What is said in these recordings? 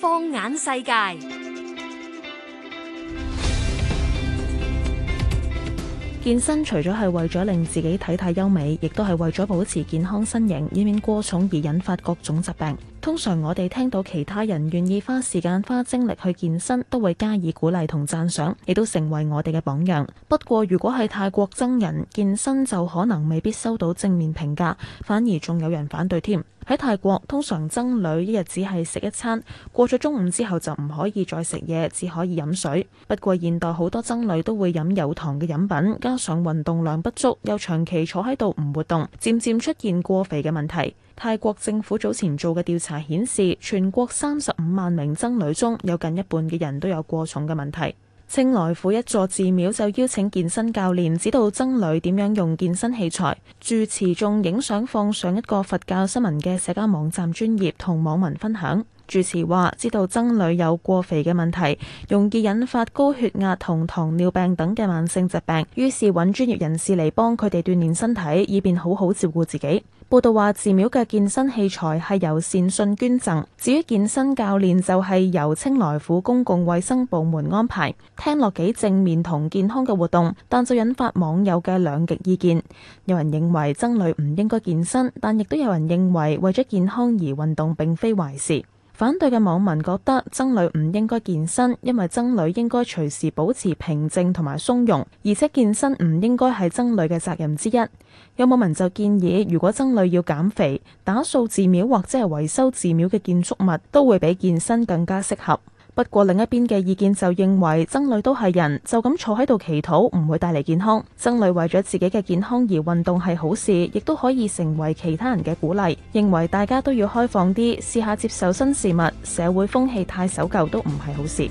放眼世界。健身除咗係為咗令自己體態優美，亦都係為咗保持健康身形，以免過重而引發各種疾病。通常我哋聽到其他人願意花時間花精力去健身，都會加以鼓勵同讚賞，亦都成為我哋嘅榜樣。不過如果係泰國僧人健身，就可能未必收到正面評價，反而仲有人反對添。喺泰國，通常僧侶一日只係食一餐，過咗中午之後就唔可以再食嘢，只可以飲水。不過現代好多僧侶都會飲有糖嘅飲品，加上運動量不足，又長期坐喺度唔活動，漸漸出現過肥嘅問題。泰國政府早前做嘅調查顯示，全國三十五萬名僧侶中有近一半嘅人都有過重嘅問題。清萊府一座寺廟就邀請健身教練指導僧侶點樣用健身器材，住持仲影相放上一個佛教新聞嘅社交網站專頁，同網民分享。住持話知道僧侶有過肥嘅問題，容易引發高血壓同糖尿病等嘅慢性疾病，於是揾專業人士嚟幫佢哋鍛煉身體，以便好好照顧自己。報道話，寺廟嘅健身器材係由善信捐贈，至於健身教練就係由清萊府公共衛生部門安排。聽落幾正面同健康嘅活動，但就引發網友嘅兩極意見。有人認為僧侶唔應該健身，但亦都有人認為為咗健康而運動並非壞事。反對嘅網民覺得僧侶唔應該健身，因為僧侶應該隨時保持平靜同埋松容，而且健身唔應該係僧侶嘅責任之一。有網民就建議，如果僧侶要減肥，打掃寺廟或者係維修寺廟嘅建築物，都會比健身更加適合。不過另一邊嘅意見就認為，僧侶都係人，就咁坐喺度祈禱唔會帶嚟健康。僧侶為咗自己嘅健康而運動係好事，亦都可以成為其他人嘅鼓勵。認為大家都要開放啲，試下接受新事物。社會風氣太守舊都唔係好事。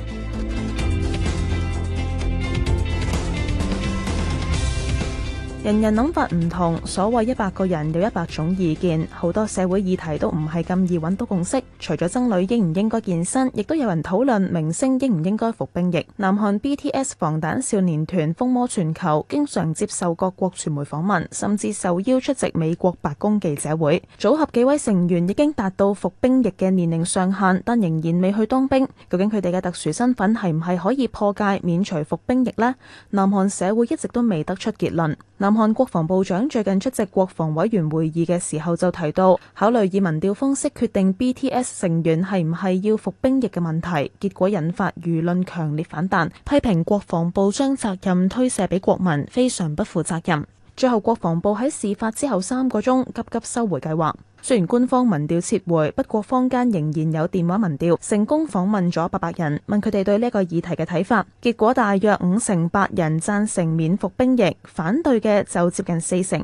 人人諗法唔同，所謂一百個人有一百種意見，好多社會議題都唔係咁易揾到共識。除咗僧侶應唔應該健身，亦都有人討論明星應唔應該服兵役。南韓 BTS 防彈少年團瘋魔全球，經常接受各國傳媒訪問，甚至受邀出席美國白宮記者會。組合幾位成員已經達到服兵役嘅年齡上限，但仍然未去當兵。究竟佢哋嘅特殊身份係唔係可以破戒免除服兵役呢？南韓社會一直都未得出結論。南韓國防部長最近出席國防委員會議嘅時候就提到，考慮以民調方式決定 BTS 成員係唔係要服兵役嘅問題，結果引發輿論強烈反彈，批評國防部將責任推卸俾國民，非常不負責任。最後，國防部喺事發之後三個鐘，急急收回計劃。雖然官方民調撤回，不過坊間仍然有電話民調，成功訪問咗八百人，問佢哋對呢個議題嘅睇法。結果大約五成八人贊成免服兵役，反對嘅就接近四成。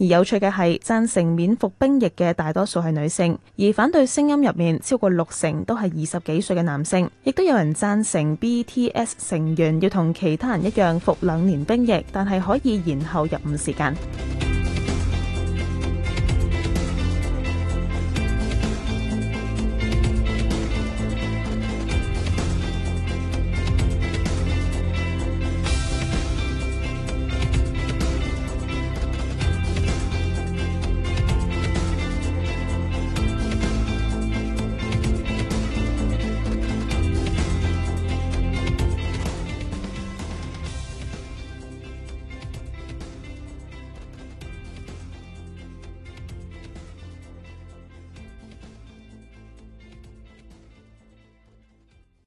而有趣嘅係，贊成免服兵役嘅大多數係女性，而反對聲音入面超過六成都係二十幾歲嘅男性。亦都有人贊成 BTS 成員要同其他人一樣服兩年兵役，但係可以延後入伍時間。